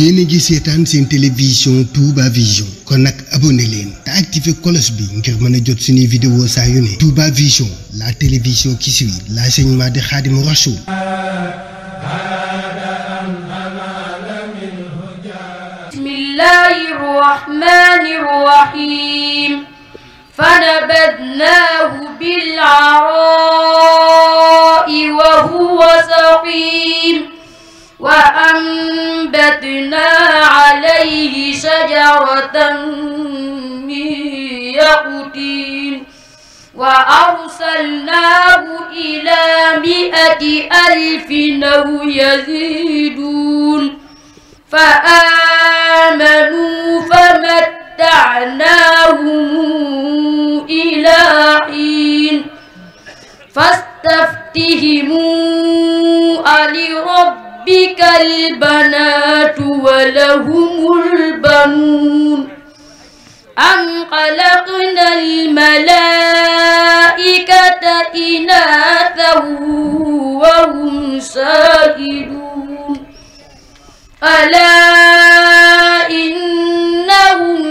yéen a ngi seetaan seen télévision Touba Vision kon nag abonné leen te activé cloche bi ngir mën a jot suñuy vidéo saa yu ne Touba Vision la télévision qui suit l'enseignement de Khadimou Rassoul bismillahi rahmani rahim fanabadnaahu bil-araa'i wa huwa saqiim وأنبتنا عليه شجرة من يقطين وأرسلناه إلى مئة ألف أو يزيدون فآمن ربك البنات ولهم البنون أم خلقنا الملائكة إناثا وهم سائلون ألا إنهم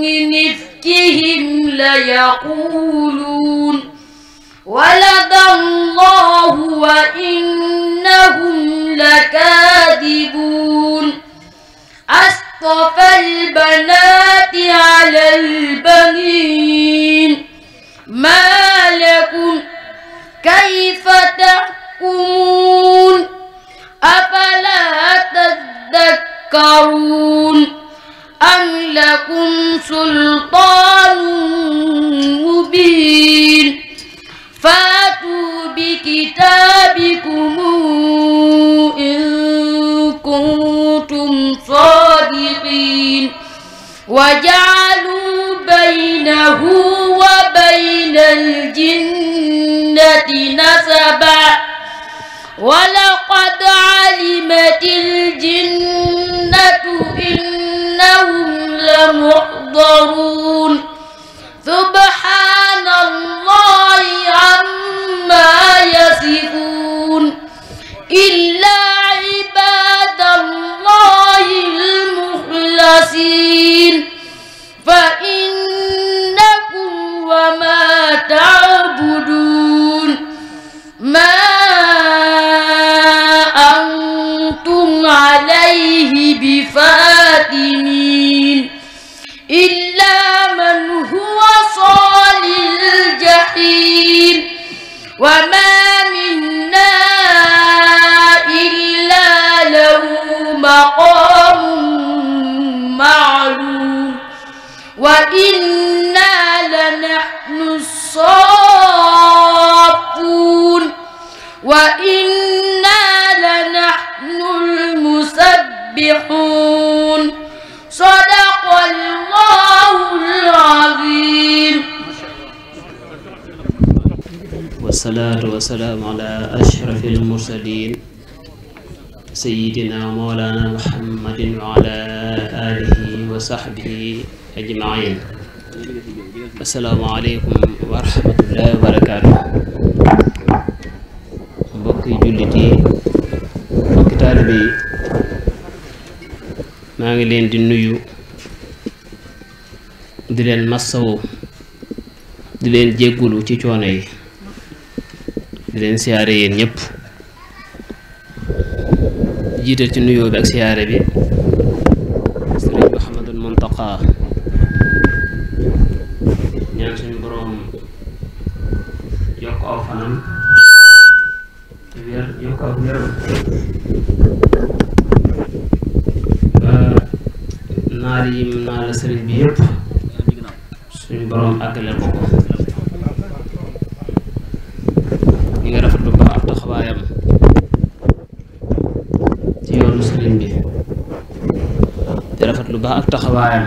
من إفكهم ليقولون ولد الله وإن إنهم لكاذبون أصطفى البنات على وإنا لنحن المسبحون صدق الله العظيم والصلاة والسلام على أشرف المرسلين سيدنا مولانا محمد وعلى آله وصحبه أجمعين السلام عليكم ورحمة الله وبركاته mbokki jullit yi mbokki taalibe yi maa ngi leen di nuyu di leen massawu di leen jéggulu ci coono yi di leen siyaare yéen ñépp jiital ci nuyoo bi ak siyaare bi ak taxawaayam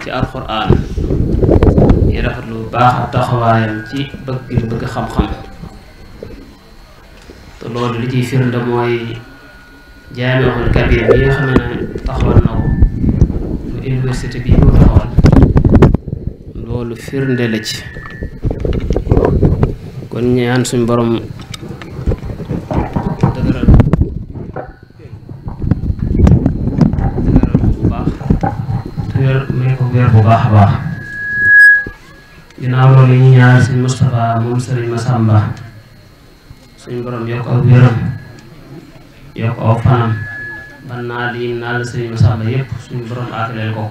ci alxuraan di rafetlu baax ak taxawaayam ci bëgg bëgg xam-xam te loolu li ciy firnde mooy jaamixul kabir bi nga xam ne taxawal na ko lu université bi mu taxawal loolu firnde la ci kon ñaan suñ borom ginnaaw loolu ñu ñaan sëñ Moustapha moom sëriñ Massamba suñu borom yokk aw wéram yokk aw fanam ban naa di naa la sëriñ Massamba yépp suñu borom àggaleel ko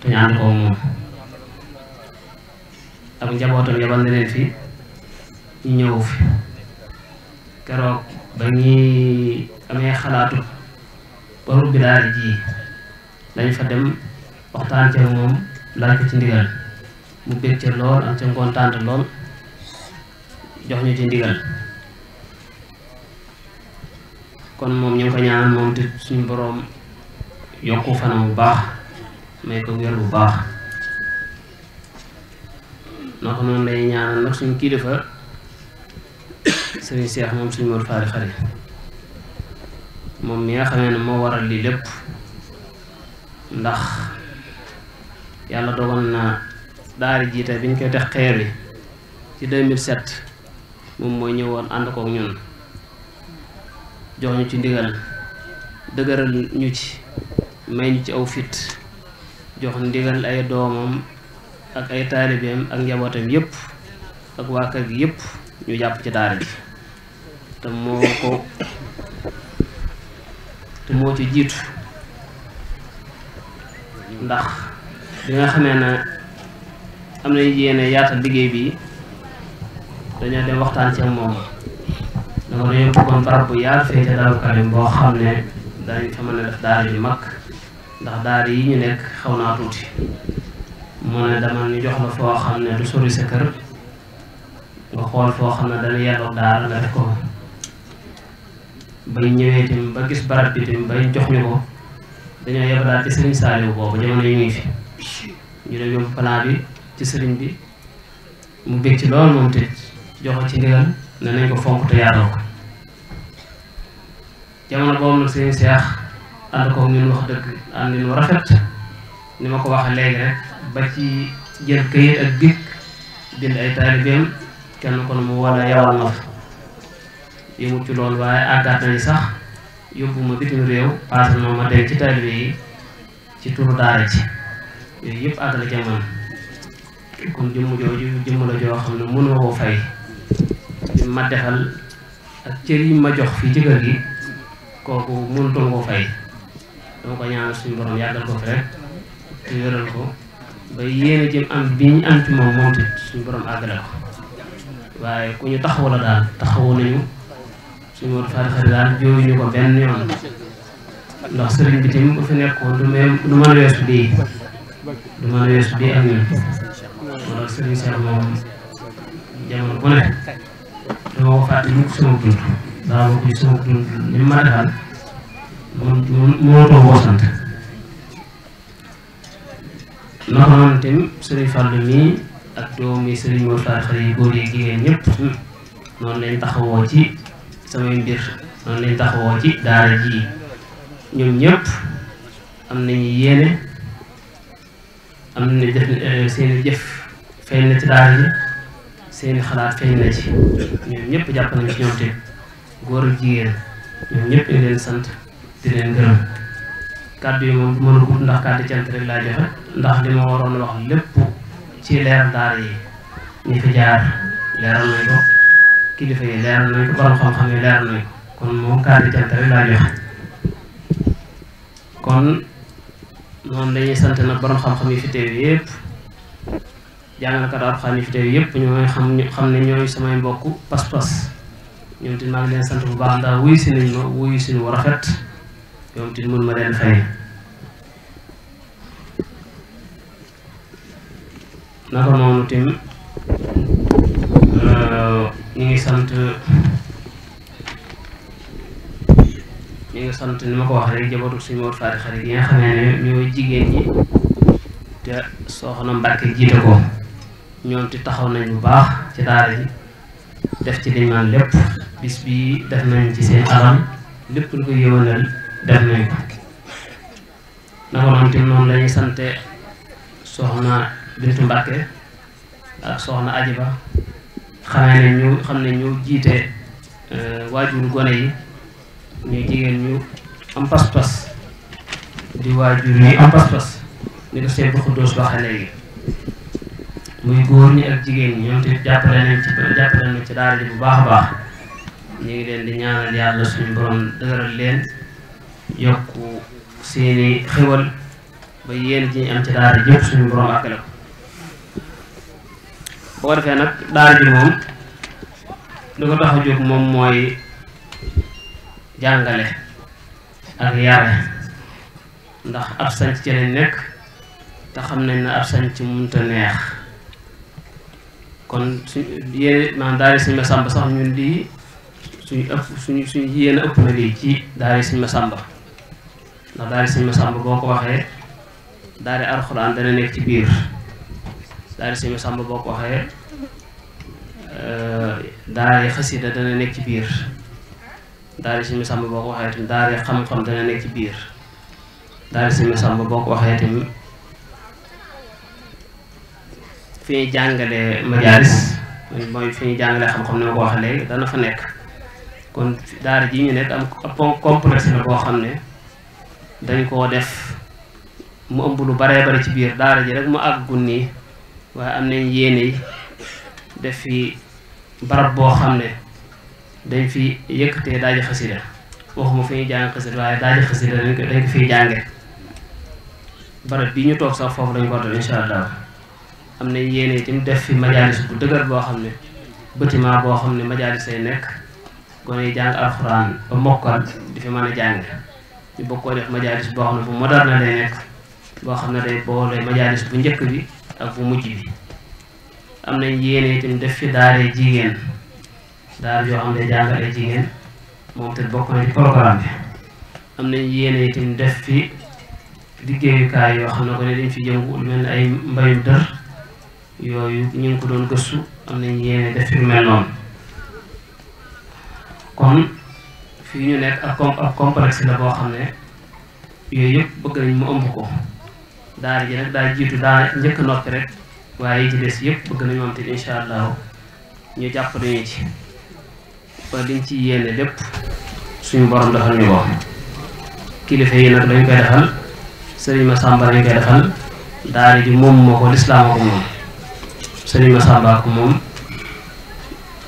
te ñu ko moom ak njabootam yabal na leen fi ñëw fi keroog ba ñuy amee xalaatu barub bi daal ji lañ fa dem waxtaan ca moom laaj ko ci ndigal mu bég ca lool am ca ngontaante lool jox ñu ci ndigal kon moom ñu ngi ko ñaan moom te suñu boroom yokku fanam bu baax may ko wér bu baax noo ko noonu lay ñaanal suñ kii dafa sëriñ Seex moom suñu mor faari xari moom mi nga xamee ne moo waral lii lépp ndax yàlla dogal na daara jiite bi ñu koy teg xeer wi ci 2007 moom mooy ñëwoon ànd kook ñun jox ñu ci ndigal dëgëral ñu ci may ñu ci aw fit jox ndigal ay doomam ak ay taalibeem ak njabootam yépp ak waa kër gi yépp ñu jàpp ci daara ji te moo ko te moo ci jiitu ndax bi nga xamee na am na nañu yéene yaatal liggéey bi dañoo dem waxtaan ci ak moom dama dañoo bëggoon barab bu yaatu féete Daaru Karim boo xam ne danañ fa mën a def daara yu mag ndax daal yi ñu nekk xaw naa tuuti mu ne dama ñu jox la foo xam ne du sori sa kër nga xool foo xam ne dana yàlla daara nga def ko bay ñëwee tamit ba gis barab bi tamit jox ñu ko dañoo yebalaat ci Sëriñ Saaliw boobu jamono yi ñu fi ñu dem yóbbu plan bi. ci sëriñ bi mu bég ci lool moom tëj joxe ci ndigal ne nañ ko fonk te yaaroo ko jamono boobu nag sëriñ Seex ànd ko nu wax dëgg ànd ñu rafet ni ma ko waxee léegi rek ba ci jël këyit ak big bind ay taalibeem kenn kon mu wala yawal na fa yëmut ci lool waaye àggaat nañu sax yóbbu ma bitim réew paase na ma dem ci taalibe yi ci turu daara ci yooyu yëpp àgg la kon jëmm jooju jëmm la joo xam ne mënoo koo fay li ma defal ak cër yi ma jox fii ci kër gi kooku mënutoo koo fay dama ko ñaanal suñu borom yàggal ko fi rek te wéral ko ba yéene jëm am bi ñu am ci moom borom àggale ko ñu taxawu la daal taxawu nañu suñu war faari xari benn yoon ndax sëriñ bi tamit ku fi nekkoon du mën a weesu bii du mën a weesu bii ak ñun ndax Serigne Cheikh moom jamono bu ne dama ko fàtte mu sama dund daa ma koy sama dund ni ma defal moom moo too koo sant noo xamante tamit Serigne Fallou mii ak doomi Serigne Mor Fatou yi góor yi jigéen ñëpp noonu lañ taxawoo ci samay mbir noonu lañ taxawoo ci daara ji ñoom ñëpp am nañu yéene am nañu def euh, seen jëf feeñ na ci daara ji seeni xalaat feeñ na ci ñoom ñëpp góor ak jigéen ñoom ñëpp ñu leen sant di leen gërëm kàddu yi moom mën a ndax kàddu cant rek laa joxe ndax li ma waroon wax lépp ci leer daal yi ñi fi jaar leeral nañ ko kilifa yi leeral nañ ko borom xam-xam yi leeral nañ ko kon moom kàddu cant rek laa joxe kon noonu dañuy sant nag borom xam-xam yi fi teew yépp jàngalekat alxuraan yi fi teew yëpp ñooy xam xam ne ñooy samay mbokk pas-pas ñoom tamit maa leen sant bu baax ndax wuyu si nañ ma wuyu si lu rafet ñoom tamit mën ma leen fay. Euh, ngi sant ngi sant ni ko wax rek jabaru suñu Mor Faty ñooy jigéen ñi te soxna Mbàkke jiite ko. ñoom ti taxaw nañ bu baax ci daara ji def ci liñ naan lépp bis bi def nañ ci seen alam lépp lu ko yëwanal def nañ ko naka moom la ñuy sante soxna Bintu mbakke ak soxna Ajiba xamee ne ñu xam ne ñu jiite euh, waajur gone yi ñu jigéen ñu am pas-pas di waajur yi am pas-pas ni ko seen bu xuddoos waxee léegi muy góor ñi ak jigéen ñi ñoom tamit jàppale nañ ci jàppale daara ji bu baax a baax ñu ngi leen di ñaanal yàlla suñu borom dëgëral leen yokku seeni xéwal ba yéen ji ñu am ci daara ji suñu borom àggale ko boo ko defee nag daara ji moom lu ko tax jóg moom mooy jàngale ak yare ndax ab sanc ci lañ nekk te xam nañ ne ab sanc munta neex kon suñ yéen maanaam daara suñu masamba sax ñun lii suñu ëpp suñu suñu yéen a ëpp na lii ci daara suñu masamba ndax daara suñu masamba boo ko waxee daara alxuraan nekk ci biir daara suñu masamba boo ko waxee euh, daara xasida dana nekk ci biir daara suñu masamba boo ko waxee tamit daara xam-xam dana nekk ci biir daara suñu masamba boo ko waxee tamit fi ñuy jàngale majaalis mooy fi ñuy jàngale xam-xam ni ma ko waxee léegi dana fa nekk kon daara ji ñu nekk am ab boo xam ne dañ koo def mu ëmb lu baree bari ci biir daara ji rek mu àggul nii waaye am nañ yéene yi def fi barab boo xam ne dañ fi yëkkatee daaji xasida waxuma fi ñuy jàng xasida waaye daaji xasida dañ ko dañ jànge barab bi ñu toog sax foofu lañ ko def incha allah am na yéene itam def fi majaalis bu dëgër boo xam ne bâtiment boo xam ne majaalis ay nekk gone jàng alxuraan ba mokkal di fi mën a jàng ñu bëgg koo def majaalis boo ne bu boo xam ne day boole majaalis bu njëkk bi ak bu mujj bi am nañ yéene itam def fi daaree jigéen daara yoo xam ne jàngale ay jigéen moom te bokk na ci programme bi am nañ yéene itam def fi liggéeyukaay yoo xam ne ko ne dañ fi yëngu mel ne ay mbayum dër yooyu ñu ngi ko doon gëstu am nañu yéene def fi mel noonu kon fii ñu nekk ak com ak la boo xam ne yooyu yëpp bëgg nañ mu ëmb ko daara ji nag daa jiitu daal njëkk noppi rek waaye ci des yëpp bëgg nañu am te incha allahu ñu jàpp nañu ci ba liñ ci yéene lépp suñu borom defal ñu ko kilifa yi nag dañ koy defal sëriñ Massamba lañ koy defal daara ji moom moo ko lislaam ko moom sëriñ Massamba moom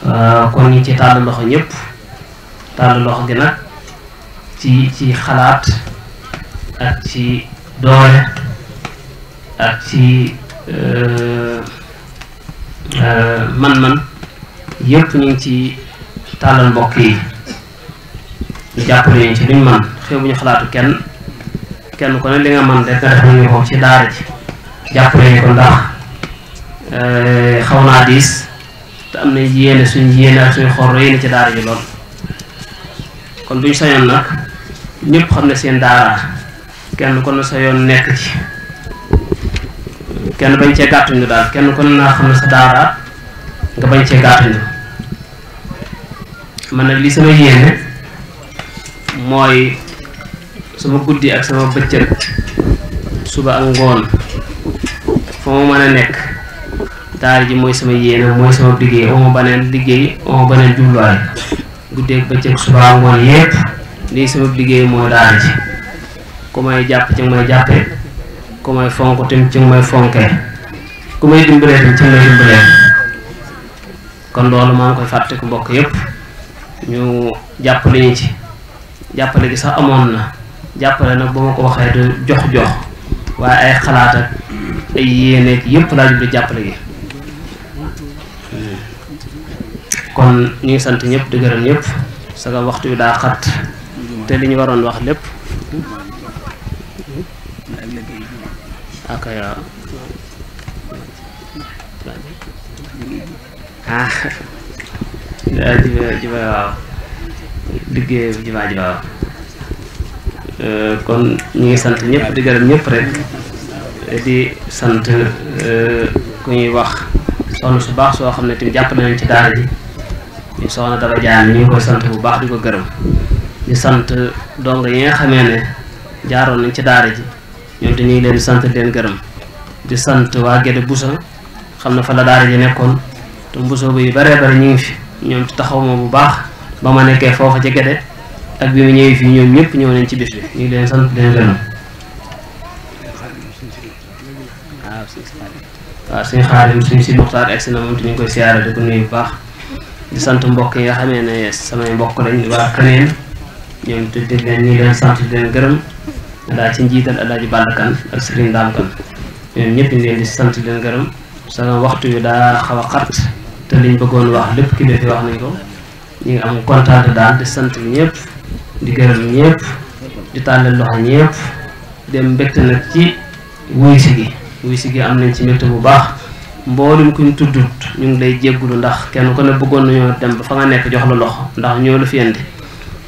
ah, kon ñu ci tàll loxo ñëpp tàll loxo gi nag ci ci xalaat ak ci doole ak ci eh, eh, man-man yëpp ñu ngi ci tàllal mbokk yi ñu jàppale ñu ci luñ man xew bu ñu xalaatu kenn kenn ku ne li nga man rek nga def ñu ko ci daara ji jàppale ñu ko ndax Eh, xaw naa diis te am nañ yéene suñ yéene ak suñu xor yéene ci daara ji lool kon buñ sañoon nag ñépp xam ne seen daara kenn kon na sa yoon nekk ci kenn bañ cee gàttuñu daal kenn kon naa xam ne sa daara nga bañ cee gàttuñu man nag li sama yéene mooy sama guddi ak sama bëccëg suba ak ngoon fa ma mën a nekk daara ji mooy sama yéene mooy sama liggéey oma baneen liggéey oma baneen jubluwaay guddeeg bëccëg liggéey mooy daara ji ku may jàpp ci nga may jàppee kon loolu maa ngi koy fàtte mbokk yépp ñu jàppale ñu sax amoon na jàppale nag ba ma ko waxee du jox jox waaye ay xalaat ak ay yéeneeg yépp laa jublu jàppale gi kon ñu ngi sant ñëpp di gërëm ñëpp saka waxtu bi daa li ñu waroon wax lépp euh, ah, liggéey jiba euh, kon ñu ngi sant ñëpp di gërëm ñëpp rek di sant euh, ku ñuy wax soxna su baax soo xam ne tamit jàpp nañ ci daara ji ñu soxna Daba Diagne ñu ngi koy sant bu baax di ko gërëm di sant dong yi nga xamee ne jaaroon nañ ci daara ji ñoom dañuy leen sant di leen gërëm di sant waa Gédé Boussa xam na fa la daara ji nekkoon te mbusoo bi yu baree bari ñu ngi fi ñoom taxaw ma bu baax ba ma nekkee foofa ci Gédé ak ñëwee fii ñoom ñëpp ñëw nañ ci bis bi ñu ngi leen sant di leen gërëm waaw suñu xaalim suñu si Muxtaar egsi na moom te ñu ngi koy siyaare di ko nuyu bu baax di sant mbokk yi nga xamee ne samay mbokk lañ wala keneen ñoom tuddi leen ñi leen sant di leen gërëm daal ci njiital alaaji Balla Kane ak Serigne Dame Kane ñoom ñëpp ñu leen di sant di leen gërëm sama waxtu yi daa xaw a xat te liñ bëggoon wax lépp ki defi wax nañ ko ñu am kontaan daal di sant ñëpp di gërëm ñëpp di tàllal loxo ñëpp dem mbégte nag ci wuy si gi wuy gi am nañ ci mbégte bu baax mboolum ñu tuddut ñu ngi lay jéggulu ndax kenn ku ne bëggoon nañoo dem ba fa nga nekk jox la loxo ndax ñoo la fi indi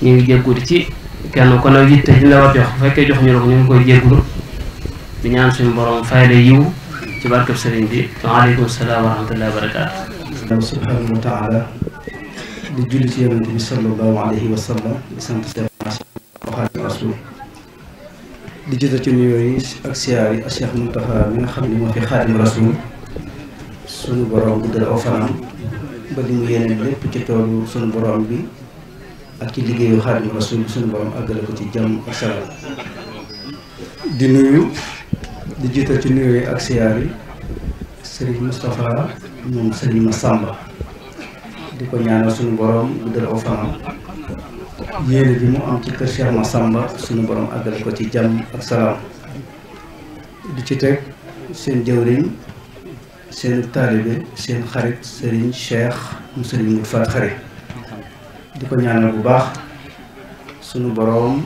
ñu ngi jéggulu ci kenn ku ne yitte ñu la war jox bu fekkee jox ñu ko koy jéggulu di ñaan suñu borom fay la yiw ci barkeb sëriñ bi waaleykum salaam wa rahmatullahi wa barakaatu subhanahu wa taala di julli ci yonente bi sallallahu alayhi wa sallam di sant Rasuul suñu borom guddal aw fanam ba li mu yeneen lépp ci toolu suñu borom bi ak ci liggéeyu Xaadimu Rasuul suñu borom àggale ko ci jàmm ak salaam di nuyu di jiital ci nuyu ak siyaar sëriñ Moustapha moom sëriñ Massamba di ko ñaanal suñu borom guddal aw fanam yéene bi mu am ci kër Cheikh Massamba suñu borom àggale ko ci jàmm ak salaam di ci teg seen jëwriñ seeni taalibe seen xarit Serigne Cheikh mu Serigne Mout Fall Khary di ko ñaanal bu baax sunu boroom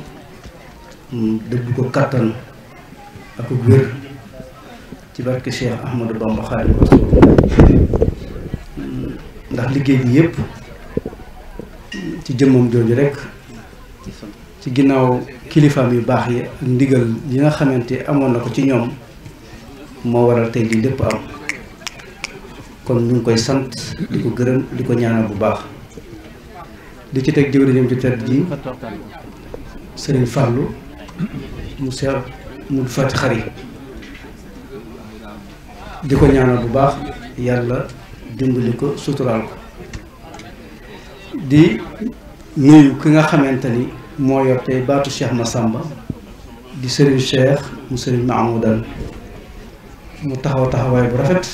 dëgg ko kàttan ak wér ci barke Cheikh Ahmadou Bamba Khadimu ndax liggéey bi yépp ci jëmmam jooju rekk ci ginnaaw kilifaam yu baax yi ak ndigal yi nga xamante amoon na ko ci ñoom moo waral tey lii lépp am kon ñu ngi koy sant di ko gërëm di ko ñaanal bu baax di ci teg jëwriñam ci tedd ji sëriñ Fàllu mu seer mu fàtti xar di ko ñaanal bu baax yàlla dimbali ko suturaal ko di nuyu ki nga xamante ni moo yor tey baatu Cheikh sàmba di sëriñ Cheikh mu sëriñ Mahmoudan mu taxaw taxawaay bu rafet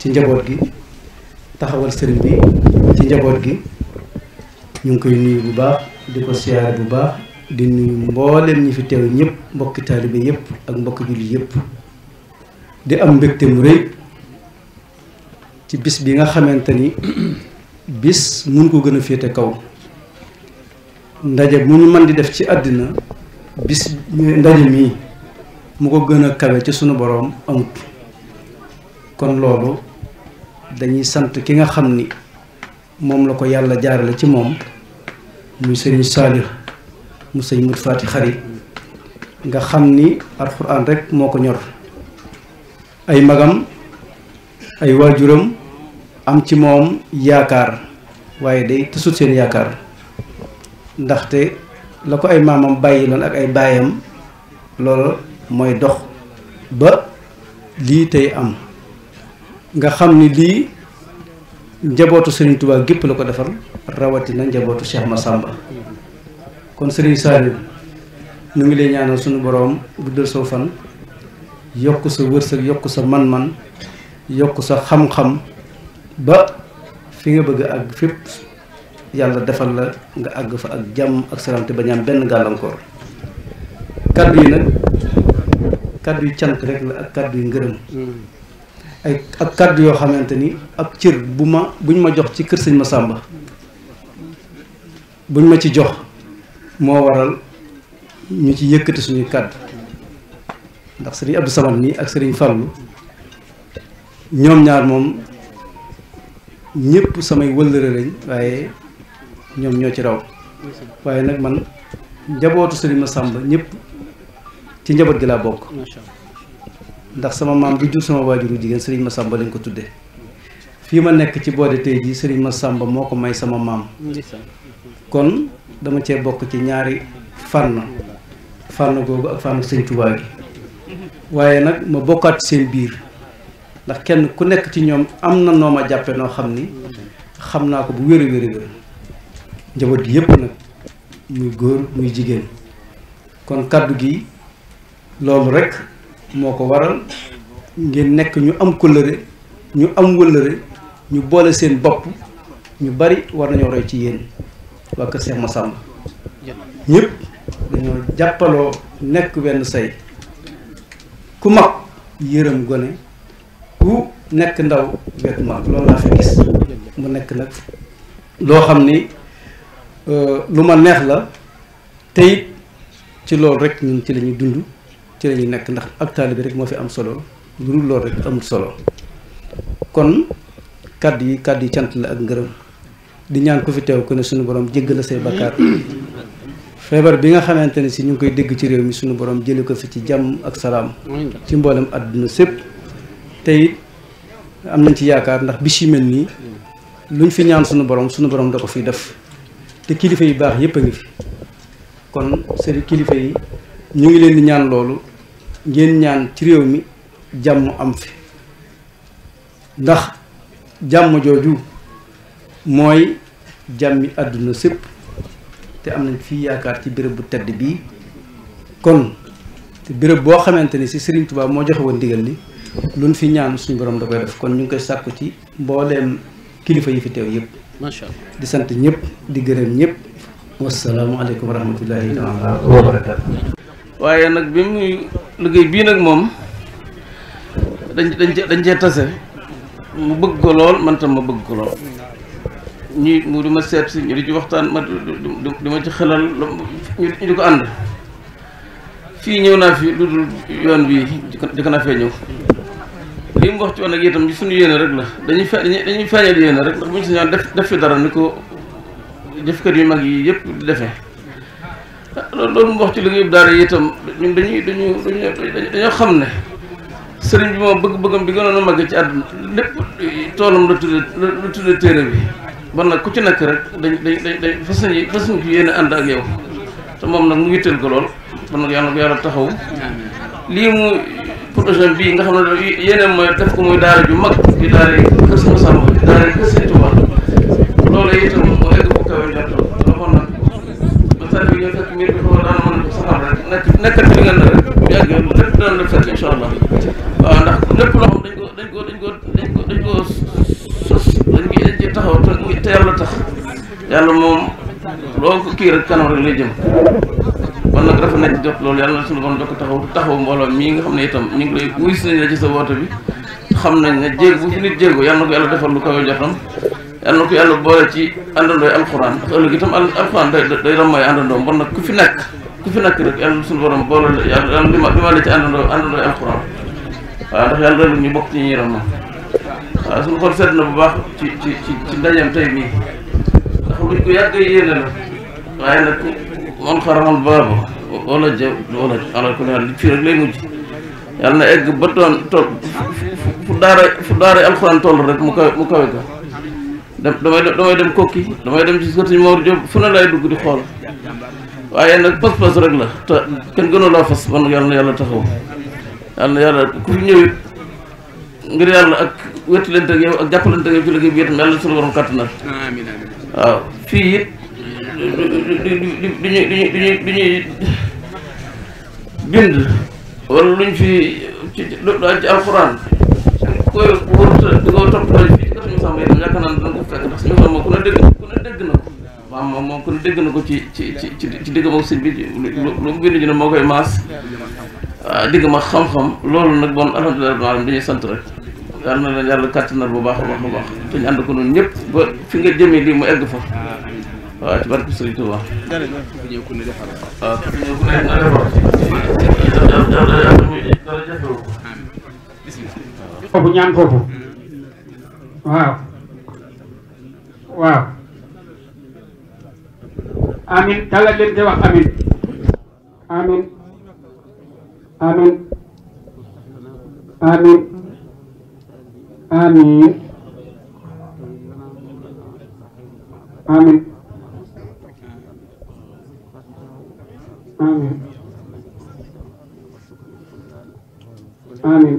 ci njaboot gi taxawal sëriñ bi ci njaboot gi ñu ngi koy nuyu bu baax di ko siyaare bu baax di nuyu mbooleem ñi fi teew ñëpp mbokki taalibe yëpp ak mbokki julli yëpp di am mbëgte mu rëy ci bis bi nga xamante ni bis mun ko gën a féete kaw ndaje mu ñu mën di def ci àddina bis ndaje mii mu ko gën a kawe ci sunu boroom amut kon loolu dañuy sant ki nga xam ni moom la ko yàlla jaarale ci moom muy sëriñ Saalix mu sëñ mut faati xari nga xam ni alxuraan rek moo ko ñor ay magam ay waajuram am ci moom yaakaar waaye day tësut seen yaakaar ndaxte la ko ay maamam bàyyi loon ak ay baayam lool mooy dox ba lii tey am nga xam ni lii njabootu Serigne tubaab gépp la ko defal rawatina njabootu Cheikh Massamba kon Serigne Saliou ñu ngi lay ñaanal suñu boroom bu guddal soo fan yokk sa wërsëg yokk sa man-man yokk sa xam-xam ba fi nga bëgg ak fépp yàlla defal la nga àgg fa ak jàmm ak salaam te benn gàllankoor kaddu yi nag kaddu yu canq rek la ak kaddu yu ngërëm hmm. ay ak kàddu yoo xamante ni ab cër bu ma buñ ma jox ci kër sëñ Massamba buñ ma ci jox moo waral ñu ci yëkkati suñuy kàddu ndax sëriñ Abdou Samad nii ak sëriñ Fallou ñoom ñaar moom ñëpp samay wëllëre lañ waaye ñoom ñoo ci raw waaye nag man njabootu ma Massamba ñëpp ci njaboot gi laa bokk. ndax sama maam bi jur sama waajuru jigéen sëriñ Massamba lañ ko tudde fii ma nekk ci boode tey jii sëriñ Massamba moo ko may sama maam kon dama cee bokk ci ñaari far fànn googu ak fànn sëñ Tuubaa gi waaye nag ma bokkaat seen biir ndax kenn ku nekk ci ñoom am na noo ma jàppe noo xam ni xam naa ko bu wér a wér a njaboot gi yépp nag muy góor muy jigéen kon kàddu gi loolu rekk moo ko waral ngeen nekk ñu am kóllëre ñu am wëllëre ñu boole seen bopp ñu bari war nañoo roy ci yéen waa kër Cheikh Massamba ñépp dañoo jàppaloo nekk benn say ku mag yërëm gone ku nekk ndaw wet mag loolu laa fa gis mu nekk nag loo xam ni euh, lu ma neex la tey ci loolu rek ñun ci lañuy dund ci la ñuy nekk ndax ak taalibe rek moo fi am solo lu dul loolu rek amul solo kon kàdd yi kàddu yi cant la ak ngërëm di ñaan ku fi teew ko ne suñu borom jéggal la say bakkaar feebar bi nga xamante ne si ñu ngi koy dégg ci réew mi suñu borom jële ko fi ci jàmm ak salaam ci mboolem àdduna sépp tey am nañ ci yaakaar ndax bis yu mel nii luñ fi ñaan sunu borom suñu borom da ko fiy def te kilifa yu baax yëpp a ngi fi kon seen kilifa yi ñu ngi leen di ñaan loolu ngeen ñaan ci réew mi jàmm am fi ndax jàmm jooju mooy jàmmi àdduna sépp te am na fii yaakaar ci bërëb bu tedd bi kon te béréb boo xamante ni si Serigne Touba moo joxewoon woon ndigal li luñ fi ñaan suñu borom da koy def kon ñu ngi koy sàkku ci mbooleem kilifa yi fi teew yëpp. macha di sant ñëpp di gërëm ñëpp. wasalaamualeykum wa rahmatullahi waaye nag bi muy. liggéey bii nag moom dañ dañ cee dañ cee tase mu bëgg ko lool man tam ma bëgg ko lool ñi mu di ma seet si ñu di ci waxtaan ma di ma ci xelal ñu di ko ànd fii ñëw naa fi lu dul yoon bii jëkk naa fee ñëw li mu wax ci woon ak itam suñu yéene rek la dañuy fe dañuy feeñal yéene rek ndax bu ñu sañoon def def fi dara ni ko jëfkat yu mag yi yëpp di defee Ah, loolu loolu mu wax ci liggéeyu daara yi itam ñun dañuy dañuy dañuy dañoo xam ne sëriñ bi moom bëgg-bëggam bi gënoon a màgg ci àdduna lépp toolam la tudde la tudde téere bi ban nag ku ci nekk rek dañ dañ dañ fas nañu fas yéen a ànd ak yow te moom nag mu yitteel ko lool ban nag yàlla yàlla taxaw lii mu projet bii nga xam ne yéen mooy def ko muy daara ju mag di daara kër Samba daara kër Sëriñ Tuubaa allah waaw ndax lépp loo xam dañ ko dañ ko dañ ko dañ ko dañ ko sos dañ ngi dañ ci taxaw te muy te yàlla tax yàlla moom loo ko kii rek kanam rek lay jëm kon nag rafet na ci jot loolu yàlla suñu borom dokk taxaw taxaw mbooloo mii nga xam ne itam ñu ngi lay wuy si nañ la ci sa woote bi xam nañ ne jéeg bu fi nit jéego yàlla na ko yàlla defal lu kawe jotam yàlla na ko yàlla boole ci àndandooy alxuraan ndax ëllëg itam alxuraan day day ramay àndandoo bon nag ku fi nekk ku fi nekk rek yàlla suñu borom boole la yàlla waaw ndax yàlla loolu ñu bokk seet na bu baax ci ci ci ci ndajeem tey mii ndax luñ ko yàgg yéene la waaye nag man xaramal baabu wala ja wala ala ku ne fii rek lay mujj yàlla na egg ba doon toll fu ko damay damay dem kokki damay dem ci sëriñ Mor fu ne lay dugg di xool waaye nag pas-pas rek la te kenn gënu fas man yàlla na yàlla taxaw yàlla ku fi ñëwit ngir yàlla ak wettilante ak yow ak jàppalante ak yow ci liggéey bi itam yàlla suñu kàtt na waaw fii it du du du ñuy du ñuy du ñuy luñ ci ci alxuraan koy wër di ko topp fii ci kër suñu sàmm yi itam yaakaar naa ne ko fekk ndax suñu sàmm ku ne dégg ku ne dégg na waaw ah, moom moom ku dégg na ko ci ci ci ci dégg moom sëñ bi lu mu bindu ñu ne moo koy maas dégg ah, ma xam-xam loolu nag bon alhamdulilah rabbil alamin dañuy sant rek yal na leen yàlla kàttanal bu baax a baax a baax te ñu ànd ko noonu ñëpp fi nga jëmee lii mu egg fa ah, waaw ci barke Sëriñ Tuubaa waaw ku ne hmm. waaw amin tàllal leen te wax amin amin amin amin amin amin amin amin